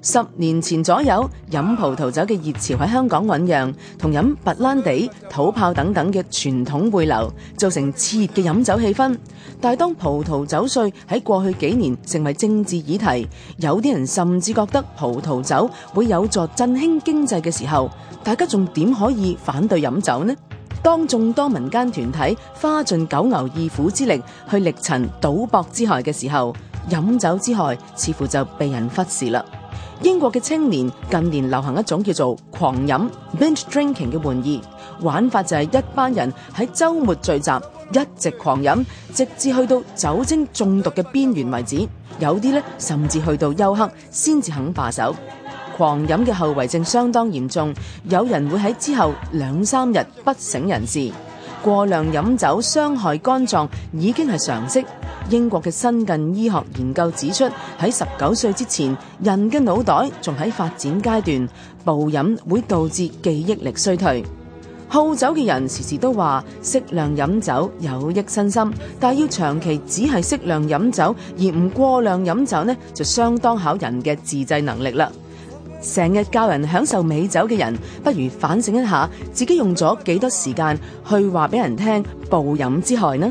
十年前左右，飲葡萄酒嘅熱潮喺香港醞釀，同飲白蘭地、土炮等等嘅傳統匯流，造成熾熱嘅飲酒氣氛。但係當葡萄酒稅喺過去幾年成為政治議題，有啲人甚至覺得葡萄酒會有助振興經濟嘅時候，大家仲點可以反對飲酒呢？當眾多民間團體花盡九牛二虎之力去力陳賭博之害嘅時候，飲酒之害似乎就被人忽視啦。英國嘅青年近年流行一種叫做狂飲 （binge drinking） 嘅玩意，玩法就係一班人喺周末聚集，一直狂飲，直至去到酒精中毒嘅邊緣為止。有啲呢，甚至去到休克先至肯罷手。狂飲嘅後遺症相當嚴重，有人會喺之後兩三日不省人事。過量飲酒傷害肝臟已經係常識。英國嘅新近醫學研究指出，喺十九歲之前，人嘅腦袋仲喺發展階段，暴飲會導致記憶力衰退。好酒嘅人時時都話適量飲酒有益身心，但要長期只係適量飲酒而唔過量飲酒呢，就相當考人嘅自制能力啦。成日教人享受美酒嘅人，不如反省一下自己用咗幾多時間去話俾人聽暴飲之害呢？